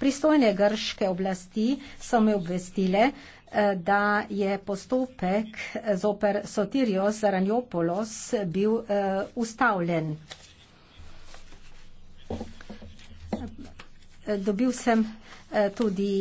Pristojne grške oblasti so me obvestile, eh, da je postopek eh, zoper Sotirios Zaranjopolos bil eh, ustavljen. Dobil sem tudi